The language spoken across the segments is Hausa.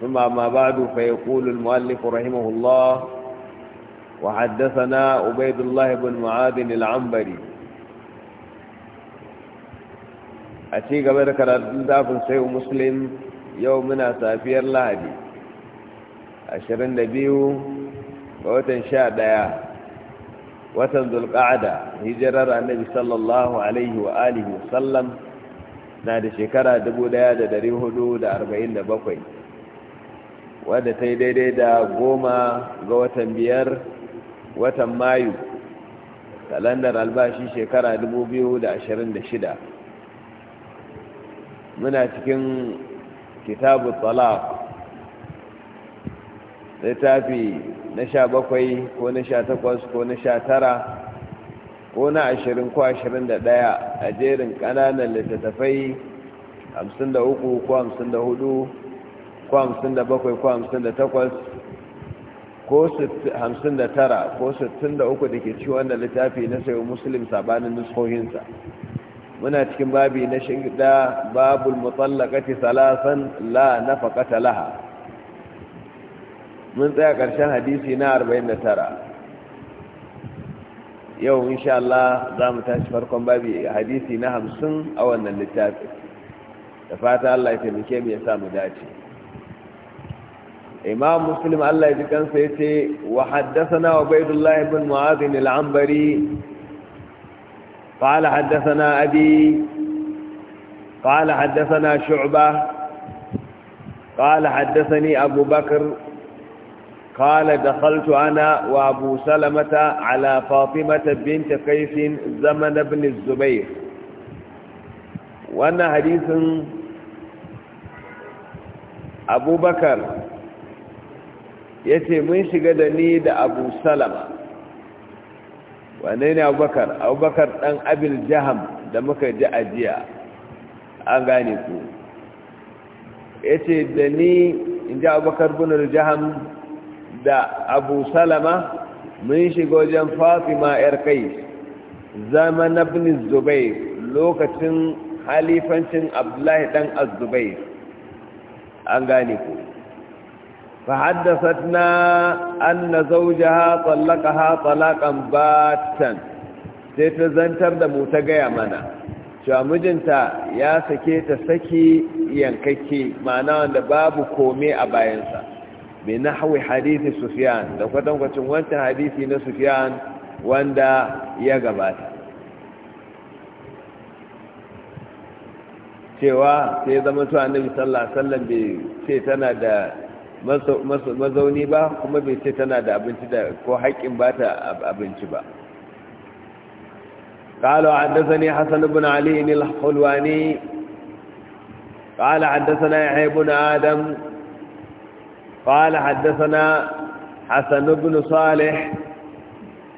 ثم أما بعد فيقول المؤلف رحمه الله وحدثنا عبيد الله بن معاذ العنبري أتي قبل كراتين دافن سيو مسلم يومنا سافير لهدي ashirin da biyu ga watan sha ɗaya watan zulƙa'ada hijirar annabi sallallahu alaihi wa alihi na da shekara dubu ɗaya da dari hudu da arba'in da bakwai wadda ta yi daidai da goma ga watan biyar watan mayu kalandar albashi shekara 2026 muna cikin kitabu talaq littafi na sha bakwai ko na sha takwas ko na sha tara ko na ashirin ko ashirin da ɗaya a jerin ƙananan littattafai hamsin da uku ko hamsin da hudu ko hamsin da bakwai ko hamsin da takwas ko hamsin da tara ko sittin da uku da ke ci wannan littafi na sayo musulun sabanin nuskohinsa muna cikin babi na shida babul mutallaqati salasan la nafaqata laha mun tsaya ƙarshen hadisi na arba'in da tara. yau insha Allah za mu tashi farkon babi hadisi na hamsin a wannan littafi da fata Allah ya taimake mu ya sa mu dace امام مسلم الله يذكر سيتي وحدثنا عبيد الله بن معاذ العنبري قال حدثنا أبي قال حدثنا شعبة قال حدثني أبو بكر قال دخلت أنا وأبو سلمة على فاطمة بنت قيس زمن بن الزبير وانا حديث أبو بكر ya ce mun shiga da ni da abu salama wane ne abubakar abubakar ɗan abin jiham da muka ji ajiya an gane ku ya ce da ni in ji abubakar bunar jiham da abu salama mun shiga wajen fatima yar kai zama na binis zubai lokacin halifancin abdullahi ɗan azubai an gane ku na فحدثتنا أن زوجها طلقها طلاقا باتا تتزنتر دمو تقيا منا cewa mijinta ya sake ta saki yankakke ma'ana da babu kome a bayansa mai na hawi hadithi sufiyan da kwatankwacin wancan hadisi na sufiyan wanda ya gabata cewa sai zama su annabi sallallahu alaihi bai ce tana da mazauni ba kuma bai ce tana da abinci da ko haƙƙin ba ta abinci ba قال حدثني حسن بن علي الحلواني قال حدثنا يحيى بن آدم قال حدثنا حسن بن صالح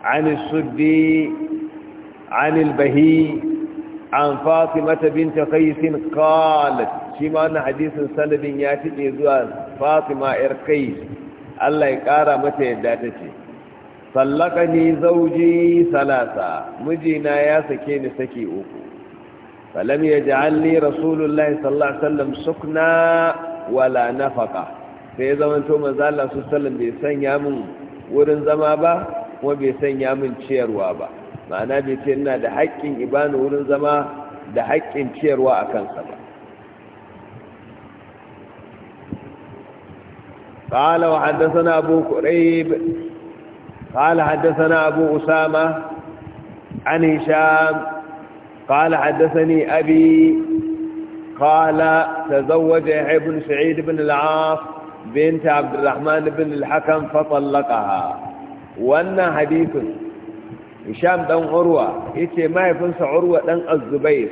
عن السدي عن البهي عن فاطمة بنت قيس قالت شما أن حديث سند ياتي يزوى fatima yar kai Allah ya ƙara mata yadda ta ce Sallaka ni zauji salasa mijina ya sake ni saki uku falam yaj'alni rasulullahi sallallahu alaihi wasallam sukna wala nafaqa sai zaman to manzo Allah sallallahu bai sanya min wurin zama ba kuma bai sanya min ciyarwa ba ma'ana bai ce ina da haƙƙin ibanu wurin zama da haƙƙin ciyarwa a kansa ba قال وحدثنا أبو قريب قال حدثنا أبو أسامة عن هشام قال حدثني أبي قال تزوج يحيى بن سعيد بن العاص بنت عبد الرحمن بن الحكم فطلقها وأن حديث هشام بن عروة يتي ما يفنس عروة بن الزبير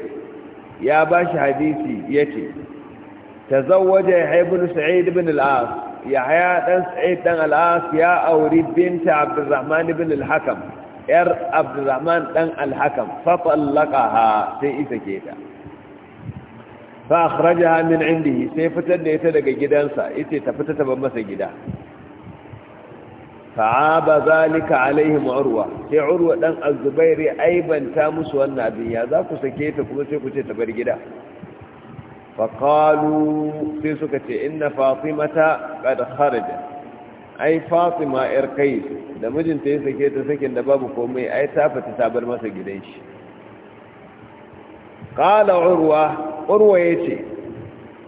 يا باش حديثي يتي تزوج يحيى بن سعيد بن العاص yahaya dan sa'id dan al'as ya auri binta abdurrahman ibn al-hakam yar abdurrahman dan al-hakam fa tallaqaha sai isa keta fa akhrajaha min indihi sai fitar da ita daga gidansa yace ta fita ta bar masa gida aba zalika alaihim urwa sai urwa dan az-zubairi aibanta musu wannan abin ya za ku sake ta kuma sai ku ce ta bar gida faƙalu sai suka ce inna fatimata ƙada kharaja ai fatima yar kai da mijinta ya sake ta sakin da babu komai ai ta fata ta bar masa gidan shi ƙala urwa urwa ya ce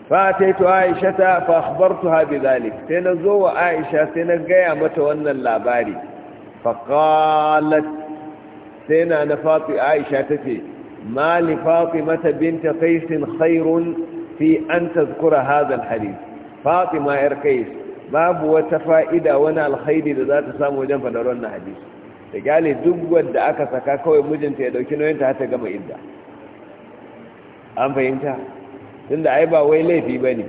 fataitu aisha ta fahbartu haɓe zalik sai na zo wa aisha sai na gaya mata wannan labari faƙalat sai na na fati aisha ta ce ma li fatimata binta kaisin khairun fi an tazkura hadha alhadith fatima yar kais babu wata fa'ida wani alkhairi da za ta samu wajen fadar wannan hadisi da gale duk wanda aka saka kawai mijinta ya dauki nauyinta har ta gama idda an fahimta tunda ai ba wai laifi ne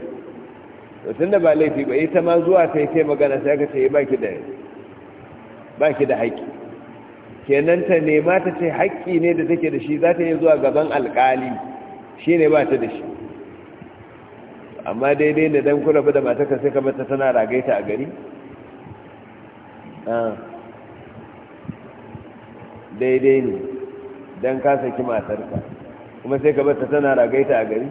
to tunda ba laifi ba ita ma zuwa ta yi sai magana sai aka ce eh, ki da ki da haƙƙi. kenan ta nema ta ce haƙƙi ne da take da shi za ta yi zuwa gaban alƙali shi ne ba ta da shi amma daidai ne don kula da matakar sai kamar ta tana ragaita a gari ah. daidai ne don ka saki matarka kuma sai kamar ta tana ragaita a gari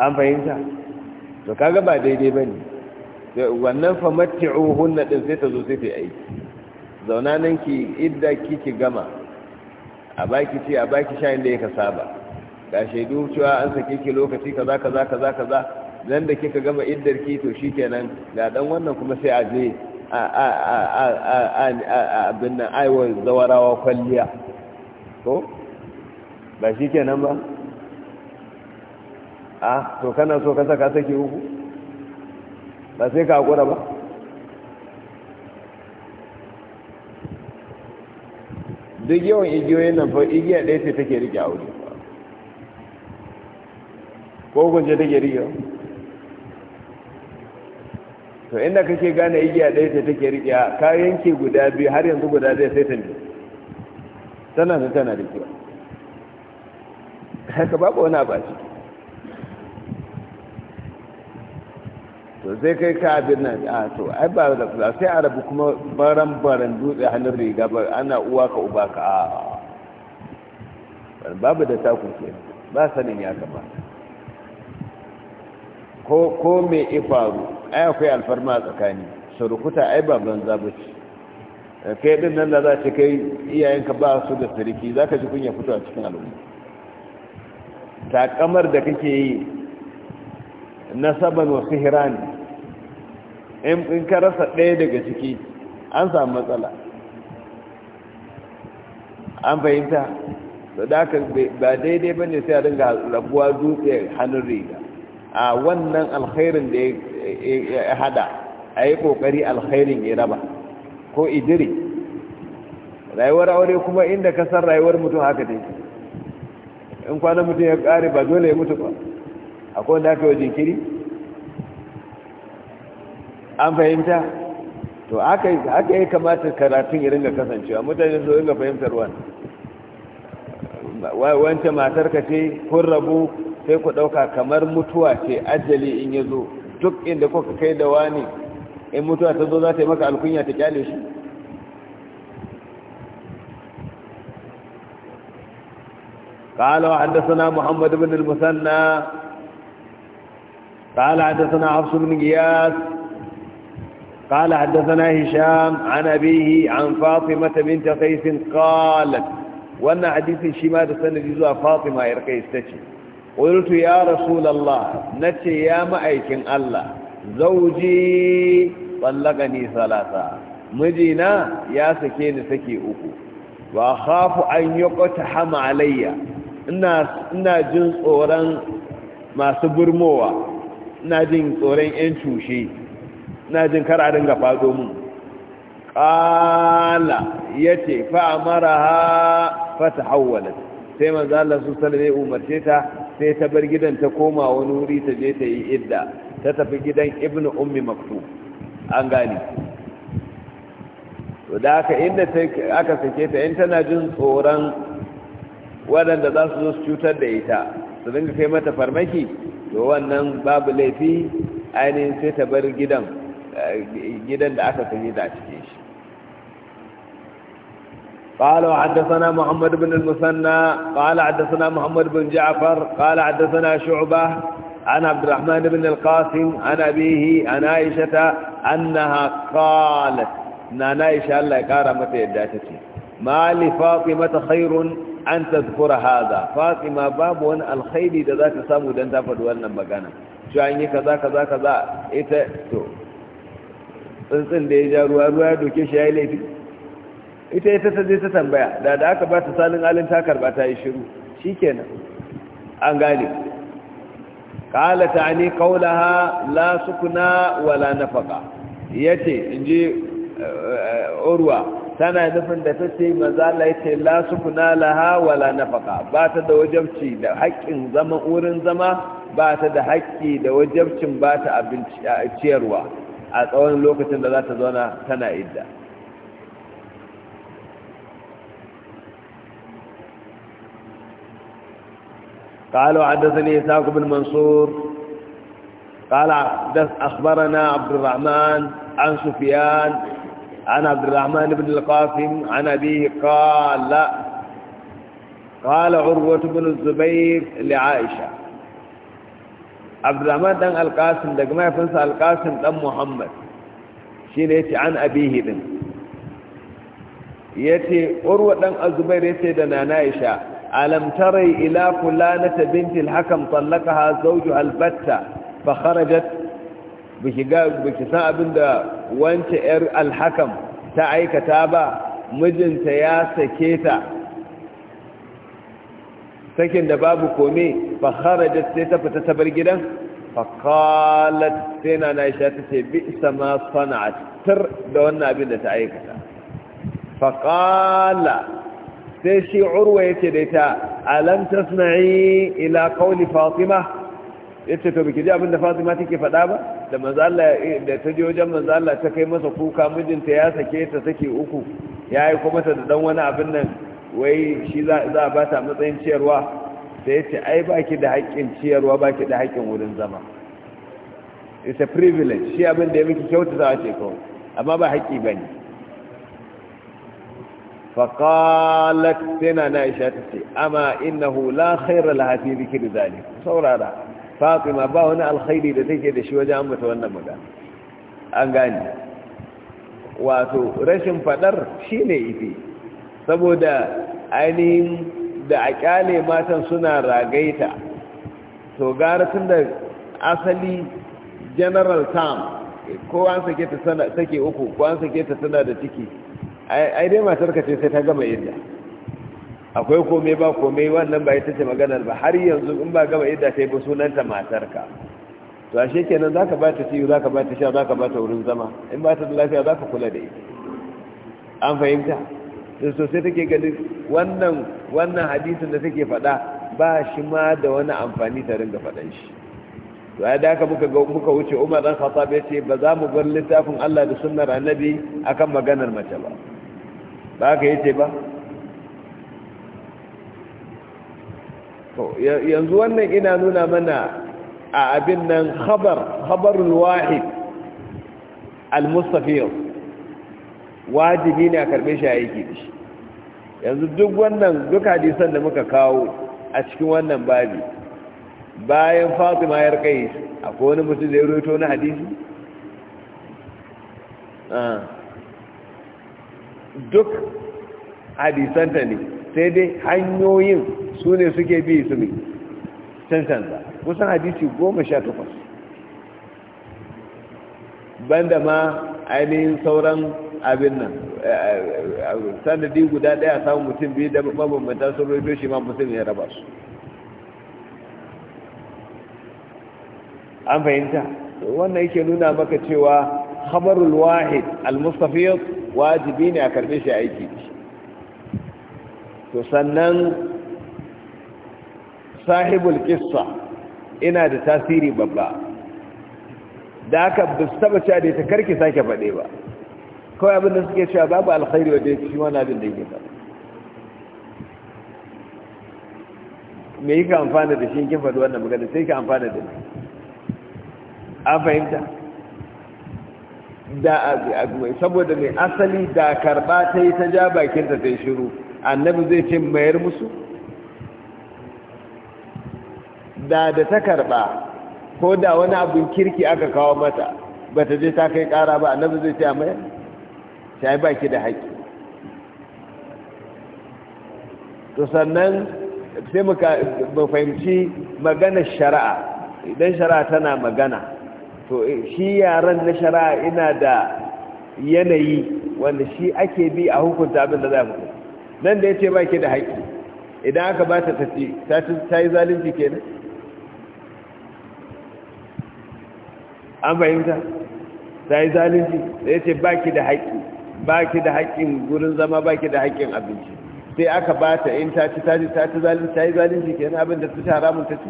an fahimta to kaga ba daidai ba ne wannan famatti ohun na ɗin sai ta zo sai ta aiki zauna nan ki idda ki ki gama a baki ce a baki sha inda ya ka saba ga shaidu cewa an sake ki lokaci kaza kaza kaza kaza nan da kika gama iddar ki to shikenan ga dan wannan kuma sai a je a a a a abin nan aiwa zawarawa kwalliya to ba shikenan ba a to kana so ka saka sake uku ba sai ka hakura ba duk yawan igiyoyin nan fa igiya ɗaya ce take rike aure kogon je take riƙe to inda kake gane igiya ɗaya ce take riƙewa ka yanke guda biyu har yanzu guda zai sai ta biyu tana da tana riƙewa haka ba wani abu a ciki to zai kai ka abin nan a to ai ba da kula sai arabu kuma baran baran dutse hannun riga ba ana uwa ka uba ka a babu da taku ke ba sanin ya kamata ko me ifaru ai akwai alfarma tsakani surukuta ai ba banza ba ce kai din nan da za ce kai iyayenka ba su da sarki za ka ji kunya fito a cikin al'umma takamar da kake yi na saban wasu hirani in ka rasa ɗaya daga ciki an samu matsala an fahimta da ba daidai ba ne sai a dinga rabuwa dutse hannun riga a wannan alkhairin da ya hada a yi kokari alkhairin ya raba ko idiri rayuwar aure kuma inda ka san rayuwar mutum haka ta in kwanan mutum ya kare ba dole ya mutu ba a wanda aka yi jinkiri an fahimta to aka yi kamata karatun irin ga kasancewa mutane su ga fahimtar wani wancan matar ka ce kun rabu sai ku ɗauka kamar mutuwa ce ajali in ya zo duk inda kuka kai da wani in mutuwa ta zo za ta yi maka alkunya ta kyale shi قال وحدثنا محمد بن المثنى قال حدثنا حفص بن غياث قال حدثنا هشام عن ابيه عن فاطمه بنت قيس قالت وانا حديث سنه تسند فاطمه فاطمة إرقيستشي ƙultu ya rasulallah na ce ya ma'aikin Allah zauji tsallaka ni salata mijina ya sake ni sake uku ba hafu an yi kwata hama alayya ina jin tsoron masu burmowa ina jin tsoron 'yan cushe ina jin kararin ga faɗo mun ƙala ya ce fa'amara ha fata hawala sai manzala su ne umarce ta sai ta bar gidan ta koma wani wuri ta je ta yi idda ta tafi gidan ibnu ummi Maktu, an gani. to da aka inda aka sake ta in tana jin tsoron waɗanda za su zo su cutar da ita su dinga kai mata farmaki to wannan babu laifi ainihin sai ta bar gidan eh, da aka sake ta a cikin shi قال وحدثنا محمد بن المثنى قال حدثنا محمد بن جعفر قال حدثنا شعبة عن عبد الرحمن بن القاسم عن أبيه عن عائشة أنها قالت نانا عائشة الله كارمة يداتك ما لفاطمة خير أن تذكر هذا فاطمة باب وان الخير ذات سامو دان تفد وانا مغانا شو عيني كذا كذا كذا إيه تو تنسن ديجا روا روا دوكي شاي ليتي ita ya ta zai ta tambaya da da aka ba ta salin alin ta karba ta yi shiru shikenan an gane ta ne qawlaha la sukuna wala ce yace inji eh, urwa tana nufin da ta ce maza ya ce la sukuna laha wala nafaqa ba ta da wajabci da haƙƙin zama wurin zama ba ta da haƙƙi da wajabcin ba ta ciyarwa a tsawon lokacin da za ta zauna tana idda قال وحدثني إساق بن منصور قال أخبرنا عبد الرحمن عن سفيان عن عبد الرحمن بن القاسم عن أبيه قال لا قال عروة بن الزبير لعائشة عبد الرحمن دان القاسم دقم يفنسى القاسم دان محمد شين يتي عن أبيه دن يتي عروة دان الزبير يتي دان عائشة alam ila fulanata binti al-hakam talakaha zawjuha al-batta fa kharajat bishiga bishisa abinda wanta yar al ta aikata ba mijinta ya sake ta sakin da babu Komi, fa sai ta fita ta bar gidan fa qalat sina na isha ta ce bi sama sana'at tar da wannan abin da ta aikata fa sai shi urwa yake da ita alam tasna'i ila qawli fatima yace to biki ji abin da fatima take faɗa ba da manzo Allah eh, da ta je wajen manzo ta kai masa kuka mijinta ya sake ta sake uku yayi kuma ta da dan wani abin nan wai shi za a ba ta matsayin ciyarwa sai yace ai baki da haƙƙin ciyarwa baki da haƙƙin wurin zama it's a privilege shi abin da ya miki kyautata ce kawai amma ba haƙƙi bane فقالت سنة نائشة تسي أما إنه لا خير لها في ذكر ذلك صورة هذا فاطمة باهنا الخير لتيجي دشوة جامة والنمجة أنقاني wato rashin fadar shine ifi saboda ainihin da a kyale matan suna ragaita to gara tun da asali general term ko an ta take uku ko an sake ta tana da ciki ai dai matar ka ce sai ta gama idda akwai komai ba komai wannan ba ita ce maganar ba har yanzu in ba gama idda sai ba sunanta matar ka to ashe kenan ka ba ta ciwo ka ba ta sha ka ba ta wurin zama in ba ta da lafiya ka kula da ita an fahimta to sai take gani wannan wannan hadisin da take faɗa ba shi ma da wani amfani ta ringa faɗan shi to ya daga muka ga muka wuce Umar dan Khattab ya ce ba za mu bar littafin Allah da sunnar Annabi akan maganar mace ba ba ka yi ba yanzu wannan ina nuna mana a abin nan khabar khabarul wahi al-mustafiyar wajibi ne a karbe shi a yake da shi yanzu duk wannan duk hadisan da muka kawo a cikin wannan babi bayan fatima ya rikai akwai wani mutum da ya na hadisi? Ah. duk hadisanta ne sai dai hanyoyin su ne suke bi su ne cancanta kusan hadisi goma sha takwas banda ma ainihin sauran abin nan sanadi guda daya samun mutum biyu da mabambanta sun rufe shi ma mutum ya raba su an fahimta wannan yake nuna maka cewa khabarul wahid al-mustafid wajibi ne a karbe shi aiki to sannan sahibul qissa ina da tasiri babba da aka bistaba cewa da ta karki sake faɗe ba kawai abinda suke cewa babu alkhairi wadda ya ci wani abin da yake faɗa me yi ka amfana da shi kin faɗi wannan magana sai ka amfana da ni an fahimta da saboda mai asali da karba ta yi ta ja bakinta ta tai shiru annabi zai ce mayar musu da da ta karba ko da wani abin kirki aka kawo mata ba ta je ta kai kara ba annabi zai ce a mayar ta yi baki da haƙƙi to sannan sai mu fahimci maganar shari'a idan shari'a tana magana to eh, shi yaren na shari'a ina da yanayi wanda shi ake bi a hukunta abin da za a fito nan da ya ce ba ke da haƙƙi idan aka ba ta tafi ta yi zalunci kenan an fahimta ta yi zalunci da ya ce ba ki da haƙƙi ba ki da haƙƙin gurin zama ba ki da haƙƙin abinci sai aka ba ta in ta ci ta ci ta ci zalunci ta yi zalunci kenan abin da ta ci haramun ta ci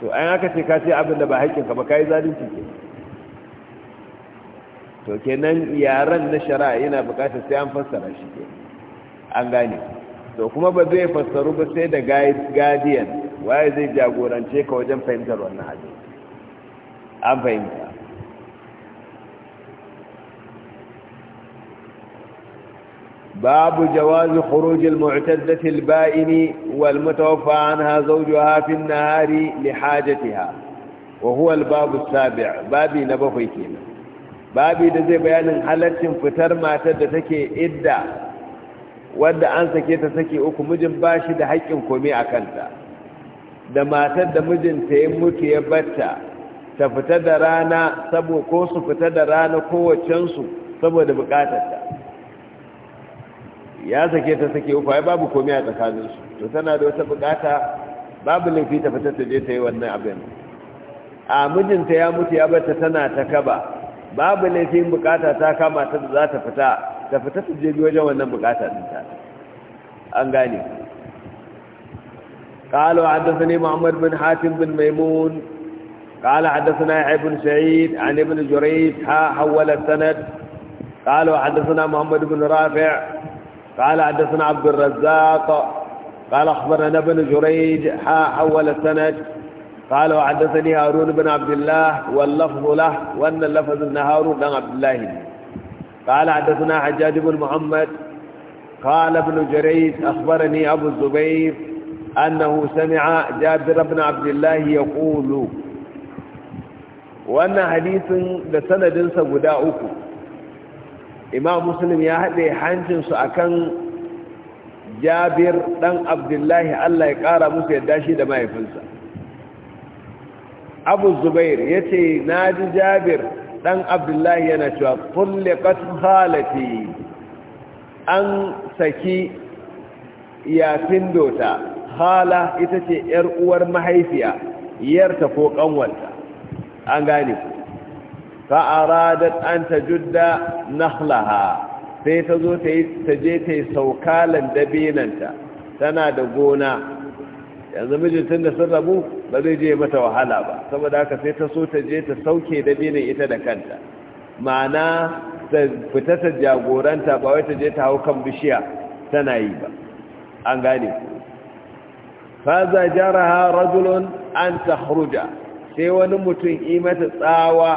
to an aka ce ka ce abin da ba haƙƙinka ba ka zalunci ke to kenan yaran na shari'a yana buƙatar sai an fassara shi ke an gane to kuma ba zai fassaru ba sai da guardian waye zai jagorance ka wajen fahimtar wannan hadisi an fahimta باب جواز خروج المعتدة البائن والمتوفى عنها زوجها في النهار لحاجتها وهو الباب السابع بابي نبقي كينا بابي دزي بيان حالة فتر ما تدتك إدى wadda an sake ta sake uku mijin bashi da haƙƙin komai a kanta da matar da mijinta ya mutu ya batta ta fita da rana sabo ko su fita da rana kowacensu saboda bukatarta ya sake ta sake uku ya babu komai a tsakanin su to tana da wata bukata babu laifi ta fita ta je ta yi wannan abin a mijinta ya mutu ya ta tana ta kaba babu laifin bukata ta kama ta da za ta fita ta fita ta je wajen wannan bukata din ta an gane قالوا حدثني محمد بن حاتم بن ميمون قال حدثنا يحيى بن سعيد عن ابن جريج حول السند قالوا حدثنا محمد بن رافع قال حدثنا عبد الرزاق قال أخبرنا ابن جريج حا حول السند قال وحدثني هارون بن عبد الله واللفظ له وأن اللفظ ابن هارون بن عبد الله قال حدثنا حجاج بن محمد قال ابن جريج أخبرني أبو الزبير أنه سمع جابر بن عبد الله يقول وأن حديث لسند قداؤكم imam muslim ya haɗe hancinsu a kan jabir ɗan abdullahi allah ya ƙara musu yadda shi da mahaifinsa abu zubair ya ce na ji jabir ɗan abdullahi yana cewa tullikat halati an saki yafin dota hala ita ce uwar mahaifiya yarta ko ƙanwanta an gane ku Fa'aradar an ta judda nahlaha sai ta zo ta je ta yi saukalan dabinanta tana da gona yanzu tun da sun rabu ba zai je mata wahala ba saboda haka sai ta so ta je ta sauke dabinin ita da kanta ma'ana ta fita ta jagoranta ba wai ta je ta hau kan bishiya tana yi ba an gane faza jaraha rajulun an tahruja sai wani mutum yi mata tsawa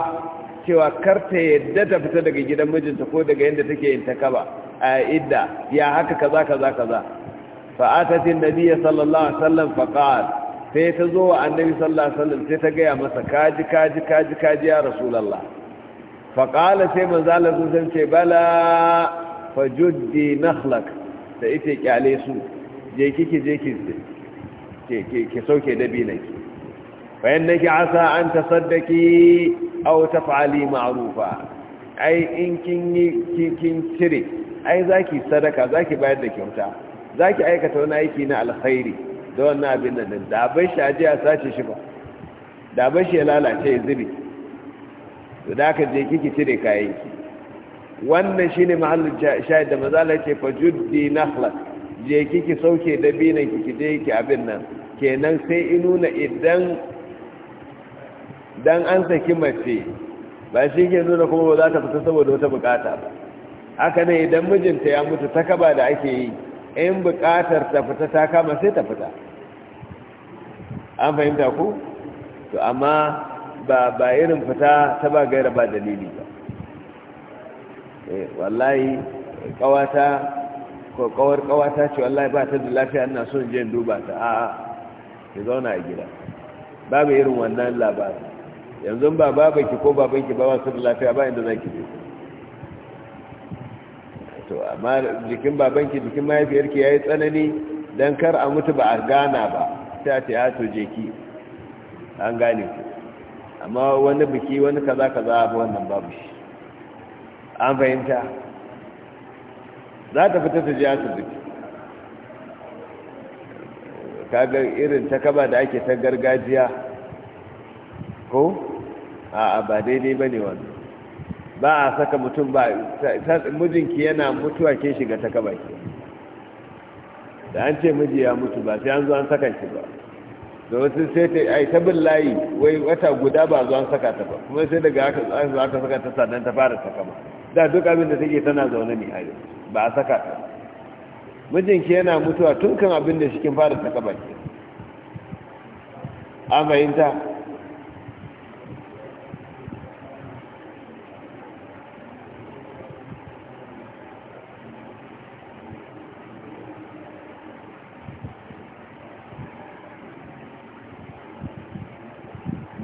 cewa karta yadda ta fita daga gidan mijinta ko daga yadda take yin ta kaba a idda ya haka kaza kaza kaza fa atatin nabiyyi sallallahu alaihi wasallam fa qal sai ta zo wa annabi sallallahu alaihi wasallam sai ta gaya masa kaji kaji kaji kaji ya rasulullah fa qala sai manzo Allah sun ce bala fajuddi nakhlak da ita kyale su je kike je ki ki sauke dabi nake fa innaki asa an tasaddaki aw taf'ali ma'rufa ai in kin yi kin cire ai zaki sadaka zaki bayar da kyauta zaki aikata wani aiki na alkhairi da wannan abin da nan. da bai shi ajiya a sace shi ba da bai shi ya lalace ya zube to da ka je kiki cire kayan ki wannan shine mahallin shayar da mazala ce fajuddi nakhla je kiki sauke dabinan kiki je ki abin nan kenan sai inuna idan dan an saki mace ba shi ke nuna kuma ba za ta fita saboda wata bukata ba haka ne idan mijinta ya mutu ta kaba da ake yi in bukatar ta fita ta kama sai ta fita an fahimta ku to amma ba ba irin fita ta ba gaira ba dalili ba eh, wallahi kawata ko kawar kawata ce wallahi ba ta da lafiya ina son je duba ta a'a ki zauna a gida babu irin wannan labarin yanzu ba babanki ko babanki ba wasu da lafiya ba inda zaki je to amma jikin babanki jikin mahaifiyarki ya yi tsanani don kar a mutu ba a gana ba ta ta ya to je ki an gane ku amma wani biki wani kaza kaza ba wannan babu shi an fahimta za ta fita ta je asibiti kaga irin ta kaba da ake ta gargajiya ko a ba daidai ba ne wani ba a saka mutum ba mijinki yana mutuwa ke shiga ta kaba ke da an ce miji ya mutu ba sai an zo an saka shi ba da wasu sai ta ai ta bin layi wai wata guda ba zo an saka ta ba kuma sai daga aka zuwa aka saka ta sadan ta fara saka ba da duk abin da take tana zaune ne a ba a saka ta mijinki yana mutuwa tun kan abin da shi kin fara saka ba ke yin ta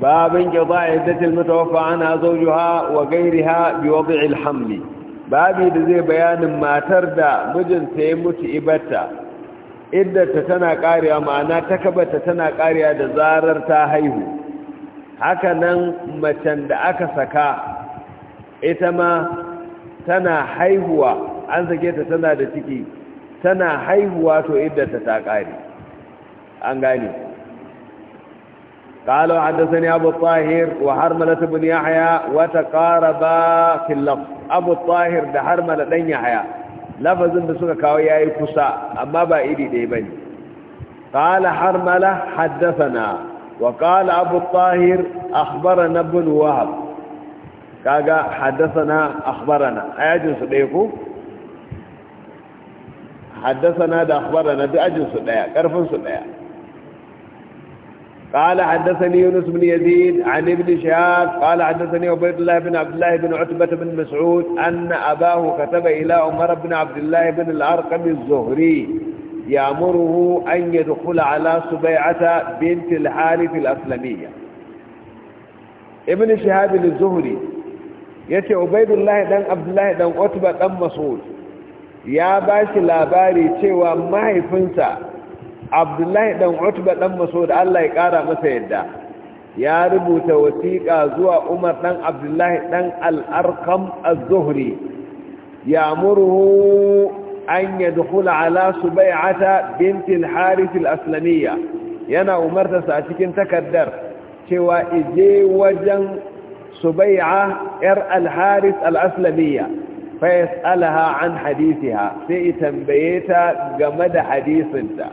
باب انقضاء عدة المتوفى عنها زوجها وغيرها بوضع الحمل babi da zai bayanin matar da mijinta ya mutu ibata iddata tana karewa ma'ana takabata tana karewa da zarar ta haihu nan macen da aka saka ita ma tana haihuwa an sake ta tana da ciki tana haihuwa to iddata ta kare an gane قال حدثني أبو الطاهر وحرملة بن يحيى وتقاربا في اللفظ أبو الطاهر ده حرملة بن يحيى لفظ بسنة كاوية يكسا أما بإيدي ديبني قال حرملة حدثنا وقال أبو الطاهر أخبرنا بن وهب كاغا حدثنا أخبرنا أجلس ليكو حدثنا ده أخبرنا ده أجلس ليكو كرفن ليكو قال حدثني يونس بن يزيد عن ابن شهاب قال حدثني عبيد الله بن عبد الله بن عتبة بن مسعود أن أباه كتب إلى عمر بن عبد الله بن الأرقم الزهري يأمره أن يدخل على سبيعة بنت الحارث الأسلمية ابن شهاب الزهري يتي عبيد الله بن عبد الله بن عتبة بن مسعود يا باشي لاباري تشوى ما يفنسى abdullahi dan utba dan masud Allah ya kara masa yadda ya rubuta wasiƙa zuwa umar dan abdullahi dan al-arqam az-zuhri ya'muruhu an yadkhula ala subai'ata bint al-harith al-aslamiyya yana umarta sa cikin takaddar cewa ije wajen subai'a yar al-harith al-aslamiyya fa yas'alaha an hadithiha sai tambayeta game da hadisinta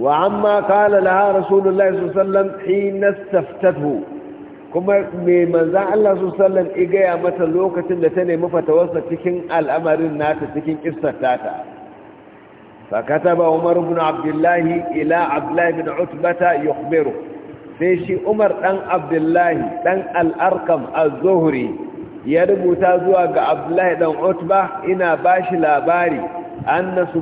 وعما قال لها رسول الله صلى الله عليه وسلم حين استفتته kuma mai maza Allah su sallan igaya mata lokacin da ta nemi fatawarsa cikin al'amarin nata cikin ƙistar tata fakata ba umar bin abdullahi ila abdullahi bin utbata yukhbiru sai shi umar ɗan abdullahi ɗan al'arkam a zuhuri ya rubuta zuwa ga abdullahi ɗan utba ina bashi labari an na su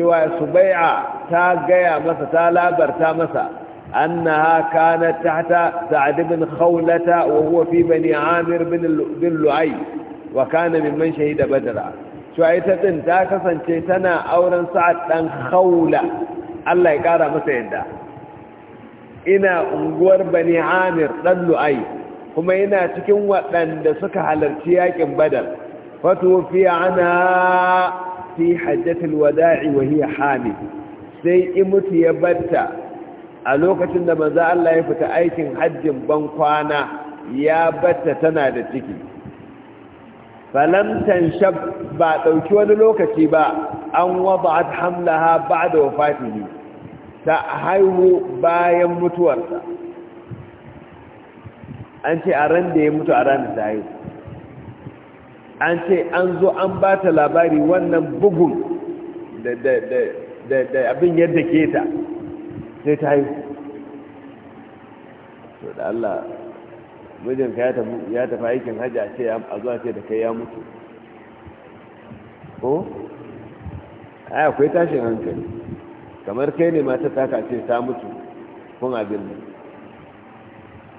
cewa subai'a ta gaya masa ta labarta masa annaha kanat tahta sa'd ibn khawlata wa huwa fi bani amir bin lu'ay wa kana mimman shahida badra cewa ita din ta kasance tana auren sa'ad dan khawla Allah ya kara masa yadda ina unguwar bani amir dan lu'ay kuma ina cikin waɗanda suka halarci yakin badar fatufiya ana fi hajjatul wada'i wa hiya hamil sai in ya batta a lokacin da manzo Allah ya fita aikin hajjin ban kwana ya batta tana da ciki falam tanshab ba dauki wani lokaci ba an wada'at hamlaha ba'da wafatihi ta haihu bayan mutuwarsa an ce a ran da ya mutu a ranar da haihu an ce an zo an ba ta labari wannan bugun da abin yadda ke ta sai ta yi to da Allah mijinka ya tafi aikin hajji a ce a zuwa ce da kai ya mutu ko? ai akwai tashin hankali kamar kai ne mata taka ce ta mutu kun abin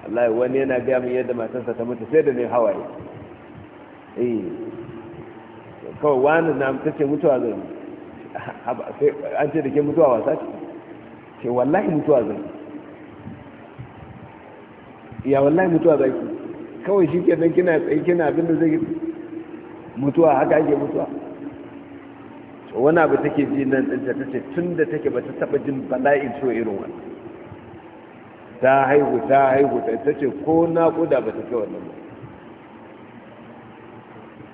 Allah wani yana biya min yadda matansa ta mutu sai da ne hawaye eh kawai wani na ta ce mutuwa zai an ce da ke mutuwa wasa ce ce wallahi mutuwa zai ya wallahi mutuwa zai ku kawai shi ke nan kina tsaye kina abin da zai mutuwa haka ake mutuwa wani abu take ji nan ɗinta ta ce tun da take ba ta taɓa jin bala'in so irin wani ta haihu ta haihu ta ce ko naƙuda ba ta ce wannan ba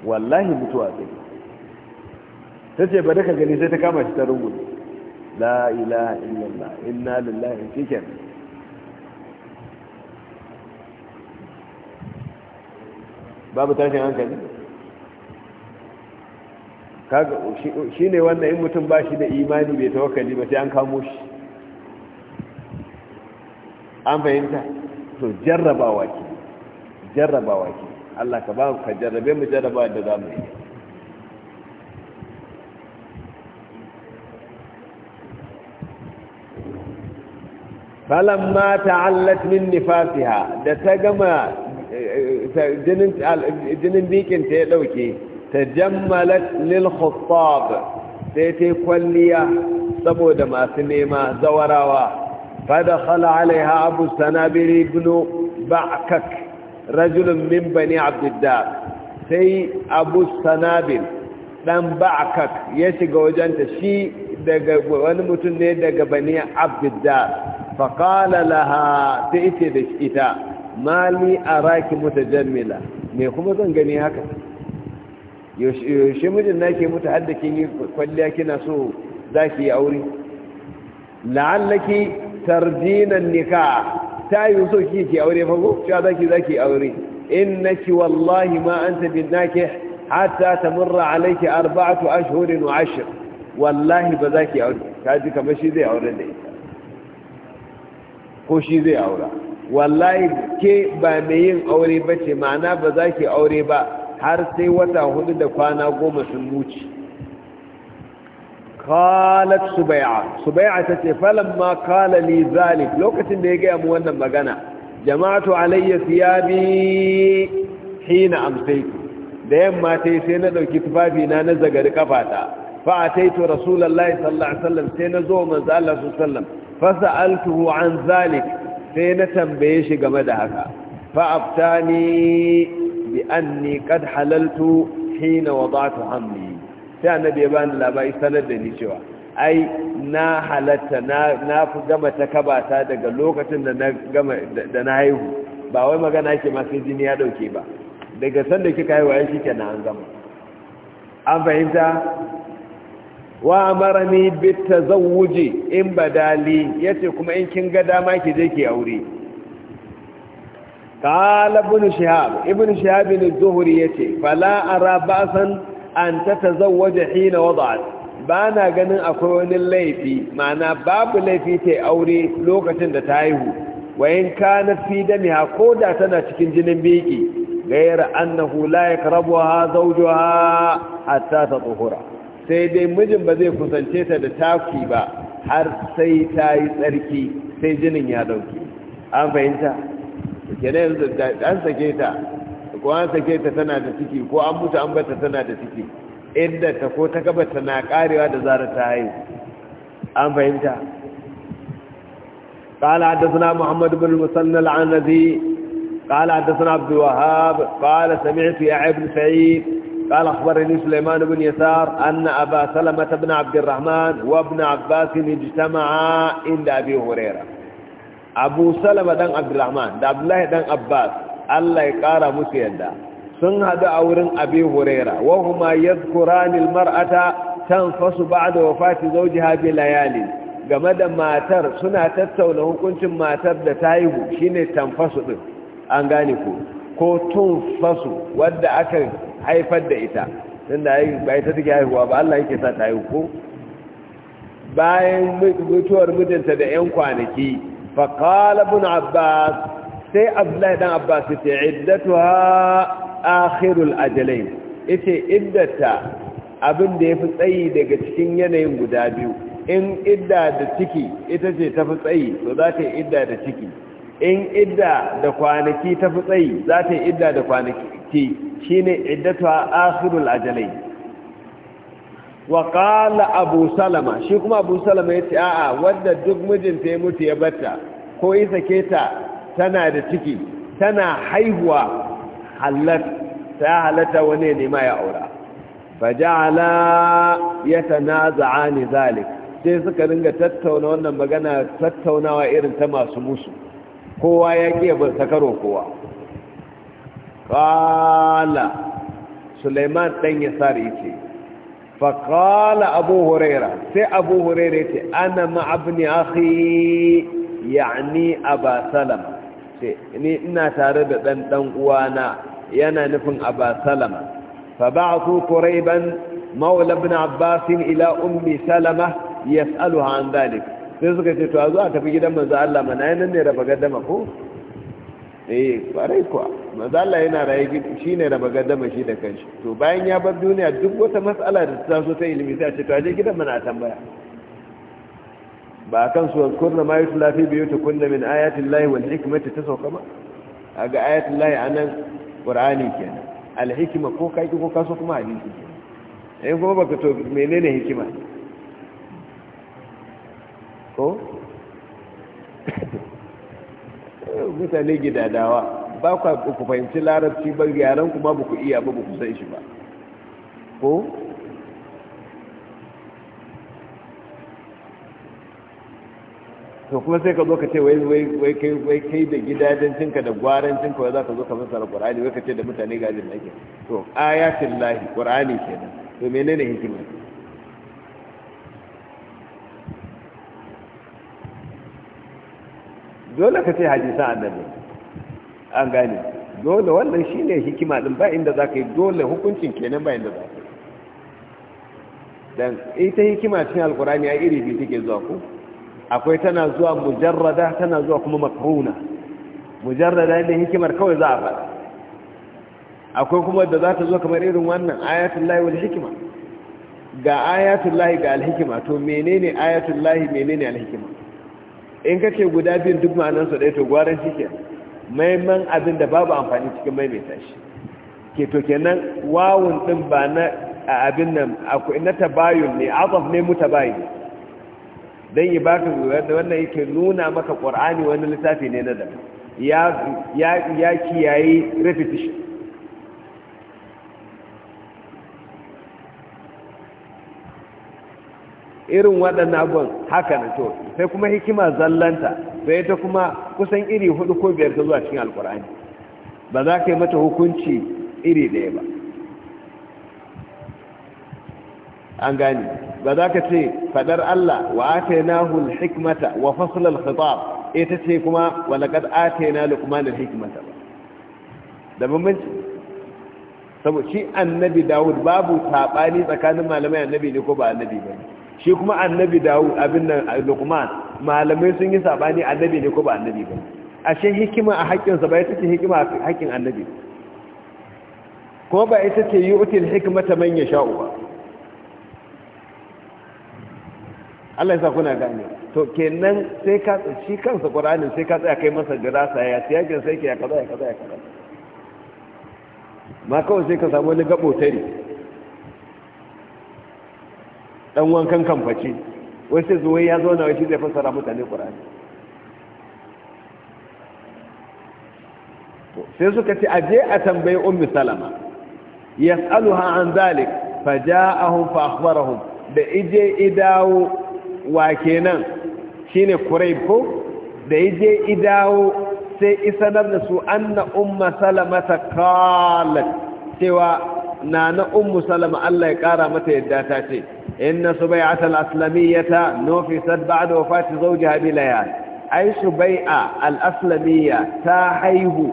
wallahi mutuwa zai ta ce ba daga gani sai ta kama shi ta rungu la ilaha illallah inna lillahi cikin babu tashin hankali kaga shi ne wannan in mutum ba shi da imani bai tawakkali ba sai an kamo shi an fahimta to jarrabawa ke jarrabawa ke Allah ka ba ka jarrabe mu jarraba da za mu yi falamma ta'allat min nifasiha da ta gama jinin jinin bikin ta ya dauke tajammalat lil khuttab sai ta kwalliya saboda masu nema zawarawa fadakhala alaiha abu sanabiri ibn ba'kak rajulun min bani abdiddar sai abu ɗan dan ba'akak ya shiga wajenta shi daga wani mutum ne daga bani abdiddar faƙala laha ta ita da ita mali a raki mutajammila me kuma zan gani haka yaushe mijin na ke mutu hadda kin yi kwalliya kina so za ki yi aure la'allaki tarjinan nikah ta yi so ki ki aure fa ko cewa zaki zaki aure innaki wallahi ma anta binnaki hatta tamurra alayki arba'atu ashhurin wa ashr wallahi ba zaki aure ji kamar shi zai aure da ita ko shi zai aura wallahi ke ba mai yin aure bace ma'ana ba zaki aure ba har sai wata hudu da kwana goma sun wuce qalat subai'a subai'a tace falamma qala lokacin da ya gaya mu wannan magana jama'atu alayya thiyabi hina amsaytu da yamma tai sai na dauki tufafi na na zagari kafata fa ataitu rasulullahi sallallahu alaihi wasallam sai na zo manzo Allah sallallahu alaihi wasallam fa sa'altuhu zalik sai na tambaye shi game da haka fa aftani bi anni hina wada'tu sai annabi ya bani labari sanar da ni cewa ai na halatta na fi gama ta kabata daga lokacin da na haihu ba wai magana ke masu jini ya dauke ba daga sanda kika haihu ai kike na an gama an fahimta wa amarani bi tazawuji in badali yace kuma in kin ga dama ki je ki aure Kala ibn shihab ibn shihab al-zuhri yace fala ara ba'san an ta tazawwaja hina wada'at ba na ganin akwai wani laifi ma'ana babu laifi ta aure lokacin da ta haihu ka na fi ha ko da tana cikin jinin biki gaira annahu la yakrabuha zawjuha hatta tatuhura sai dai mijin ba zai kusance ta da taki ba har sai ta yi tsarki sai jinin ya dauke an fahimta kenan yanzu da an sake ta ko an sake ta tana da ciki ko an mutu an bata tana da ciki inda ta ko ta gaba tana karewa da zara ta haihu an fahimta قال حدثنا محمد بن المثنى العنزي قال حدثنا عبد الوهاب قال سمعت يا بن سعيد قال أخبرني سليمان بن يسار أن أبا سلمة بن عبد الرحمن وابن عباس اجتمعا عند أبي هريرة أبو سلمة بن عبد الرحمن عبد الله بن عباس Allah ya ƙara musu yadda sun haɗu a wurin abi huraira wa huma yadhkuranil mar'ata tanfasu ba'da wafati zawjiha bi layali game da matar suna tattauna hukuncin matar da ta haihu shine tanfasu din an gane ko ko tunfasu wadda aka haifar da ita tunda ba ita take haihuwa ba Allah yake sa ta haihu ko bayan mutuwar mijinta da 'yan kwanaki faƙala bin abbas sai abdullahi dan abbas ce iddatuha akhirul ajalain yace iddata abin da yafi tsayi daga cikin yanayin guda biyu in idda da ciki ita ce tafi tsayi to za ta yi idda da ciki in idda da kwanaki tafi tsayi za ta yi idda da kwanaki shine iddatuha akhirul ajalain wa qala abu salama shi kuma abu salama ya ce a'a wanda duk mijinta ya mutu ya batta ko yi keta ta tana da ciki tana haihuwa hallat ta halatta wani ne ma ya tana za'a yatanaza'ani zalik sai suka ringa tattauna wannan magana tattaunawa irin ta masu musu kowa ya ke bin sakaro kowa Suleiman ɗan ya Yasar yace fa qala Abu Huraira sai Abu Huraira yace ana ma abni akhi yani ni ina tare da ɗan ɗan uwana yana nufin aba salama fa ba'athu quraiban maula ibn abbas ila ummi salama yas'aluha an dalik sai suka ce to a zo a tafi gidan manzo Allah mana yana ne raba gaddama ko eh kwarai kuwa manzo Allah yana raye shi ne raba gaddama shi da kanshi to bayan ya bar duniya duk wata mas'ala da ta zo ta ilimi sai a ce to a je gidan mana a tambaya ba kan su kurna ma biyu ta kunna min ayati wani hikimata ta sauka ba aga layi a nan qur'ani kenan nan alhikima ko kai ko kaso kuma hadisi eh kuma baka to menene hikima ko mutane gidadawa ba ku fahimci larabci ba yaran kuma ba ku iya ba ba ku san shi ba ko to kuma sai ka zo ka ce wai wai kai wai kai da gidajen ka da gwaran ka wai za ka zo ka fassara qur'ani wai ka ce da mutane ga jin nake to ayatul lahi qur'ani kenan to menene hikima dole ka ce hadisan annabi an gane dole wannan shine hikima din ba inda za ka yi dole hukuncin kenan ba inda za ka yi dan ita hikima cikin alqur'ani a iri biyu take zuwa ko akwai tana zuwa mujarrada tana zuwa kuma makaruna mujarrada ne hikimar kawai za a faɗa akwai kuma da za ta zo kamar irin wannan ayatul lahi wal hikima ga ayatul lahi ga alhikima to menene ayatul lahi menene alhikima in kace guda biyun duk ma'anar su ɗaya to gwaran shike ke maiman abin da babu amfani cikin maimaita shi ke to kenan wawun din ba na abin nan akwai na tabayun ne azaf ne mutabayin dan yi baka wannan yake nuna maka qur'ani wani lissafi ne na daga, ya ya ya kiyaye repetition irin waɗannan abubuwan haka na to sai kuma hikima zallanta sai ta kuma kusan iri hudu ko biyar ta zuwa cikin alkur'ani ba za ka yi mata hukunci iri ɗaya ba an gani ba za ka ce fadar Allah wa atainahu al-hikmata wa fasl al-khitab ita ce kuma wa laqad atayna luqman al-hikmata da bambanci Sabo shi annabi Dawud babu saɓani tsakanin malamai annabi ne ko ba annabi ba shi kuma annabi Dawud abin nan Luqman malamai sun yi sabani annabi ne ko ba annabi ba ashe hikima a haƙƙin sa ba ita ce hikima a haƙƙin annabi ko ba ita ce yu'til hikmata man yasha'u ba Allah ya sa kuna gane to kenan sai ka shi kansa Qur'anin sai ka tsaya kai masa dirasa ya siyakin sai ke ya kaza ya kaza ya kaza ma kawai sai ka samu wani gabo tare dan wankan kamfaci wai sai zuwai ya zauna wai shi zai fassara mutane Qur'ani sai suka ce aje a tambayi ummi salama yas'aluha an zalik faja'ahum fa akhbarahum da ije idawo wa kenan shine Quraib ko da yaje idawo sai isanar da su anna umma salama ta qalat cewa nana ummu salama Allah ya kara mata yadda ta ce inna subai'ata al-aslamiyyata nufisat ba'da wafati zauji bi layal ai subai'a al-aslamiyya ta haihu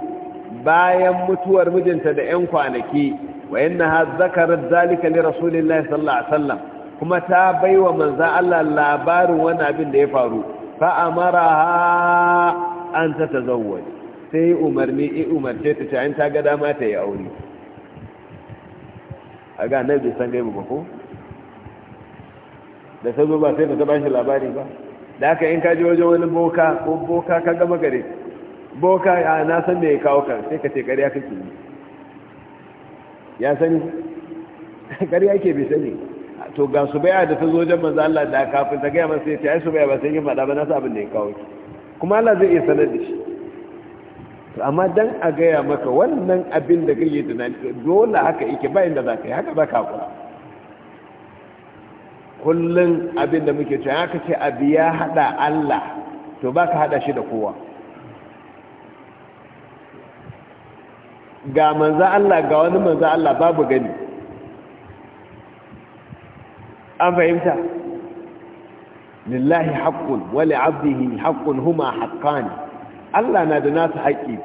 bayan mutuwar mijinta da 'yan kwanaki wa inna ha zakarar zalika li rasulillahi sallallahu alaihi kuma ta baiwa manzan Allah labarin wani abin da ya faru fa ha an ta zauwai. sai umarni i umarce ta ce ta gada mata ta yi aure a ga nan bai san gaibu ba ko da ta zo ba sai da ta bashi labari ba da aka in kaji wajen wani boka ko boka ka gama gare boka a na san me ya kawo ka sai ka ce ƙarya kake yi ya sani ƙarya ke bai sani to ga su bai da ta zo wajen manzo Allah da kafin ta gaya masa yace ai su ba sai yin faɗa ba na sa abin da ya kawo ki kuma Allah zai iya sanar da shi To amma dan a gaya maka wannan abin da kake tunani dole haka yake ba inda zaka yi haka zaka kula kullun abin da muke cewa haka ce abi ya hada Allah to baka hada shi da kowa ga manzo Allah ga wani manzo Allah babu gani an fahimta lillahi haqqun wa abdihi haqqun huma haqqani Allah na da nasu haƙƙi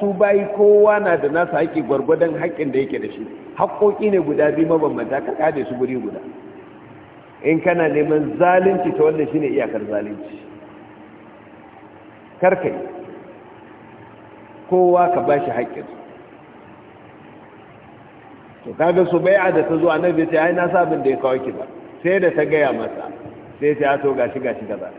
su bayi kowa na da nasu haƙƙi gwargwadon haƙƙin da yake da shi haƙƙoƙi ne guda biyu mabambanta ka kada su guri guda in kana neman zalunci ta wannan shine iyakar zalunci karkai kowa ka bashi haƙƙinsa to kaga su bai'a da ta zo annabi ta ai na sabin da ya kawo ki ba sai da ta gaya masa sai ta ato gashi gashi kaza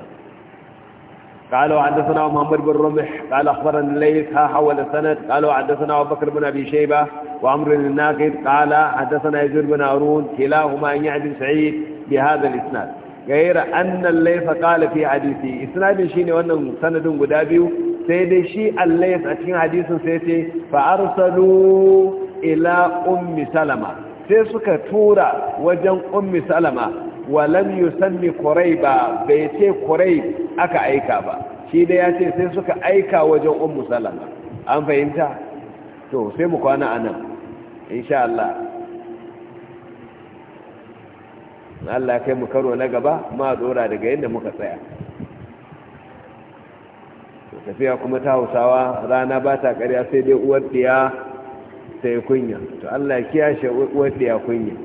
قالوا حدثنا محمد بن رمح قال أخبرنا الليث ها حول السند قالوا حدثنا أبو بكر بن أبي شيبة وعمر الناقد قال حدثنا يزيد بن هارون كلاهما أن يعدل سعيد بهذا الإسناد غير أن الليث قال في حديثه إسناد شيني وأنه سند قدابي سيدي شيء الليث أتين حديث سيتي فأرسلوا ila ummi salama sai suka tura wajen ummi salama walam yusanni quraiba bai ce quraib aka aika ba shi da ya ce sai suka aika wajen ummi salama an fahimta to sai mu kwana anan insha Allah Allah kai mu karo na gaba ma dora daga yadda muka tsaya tafiya kuma ta hausawa rana ba ta ƙarya sai dai uwar diya ta yi kunya to allah kiyashe wadda ya kunya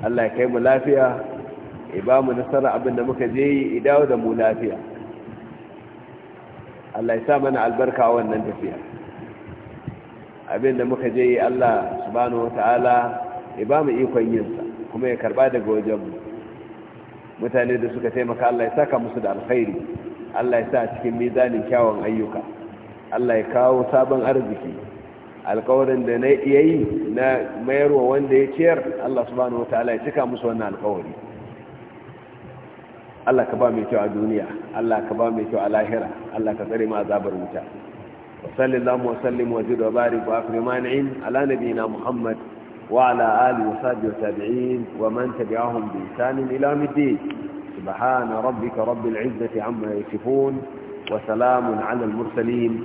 allah kai mu lafiya ya ba mu nasara abinda muka je yi idawo da mu lafiya allah ya sa mana albarka wannan tafiya abinda muka je yi allah subhanahu wata'ala ya ba mu ikon yinsa kuma ya karba daga wajenmu mutane da suka taimaka allah ya saka musu da alkhairi allah ya sa cikin mizanin kyawun ayyuka Allah ya kawo sabon arziki alkawarin da na yayi na mayarwa wanda ya ciyar Allah subhanahu wataala ya cika musu wannan alkawari Allah ka ba mai kyau a duniya Allah ka ba mai kyau a lahira Allah ka tsare ma azabar wuta وصلى اللهم وسلم وزد وبارك واكرم مانعين على نبينا محمد وعلى اله وصحبه وتابعين ومن تبعهم بإحسان الى يوم الدين سبحان ربك رب العزه عما يصفون وسلام على المرسلين